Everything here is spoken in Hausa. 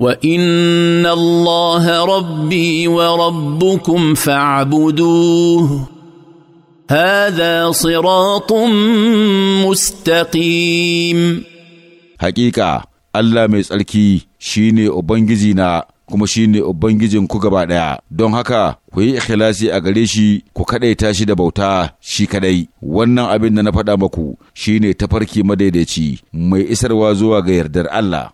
وان الله ربي وربكم فاعبدوه هذا صراط مستقيم حقيقه الله mai tsarki shine ubangiji na kuma shine ubangijin ku gaba ɗaya don haka ku yi ikhlasi a gare shi ku kaɗai shi da bauta shi kaɗai wannan abin da na faɗa maku shine tafarki madaidaici mai isarwa zuwa ga yardar Allah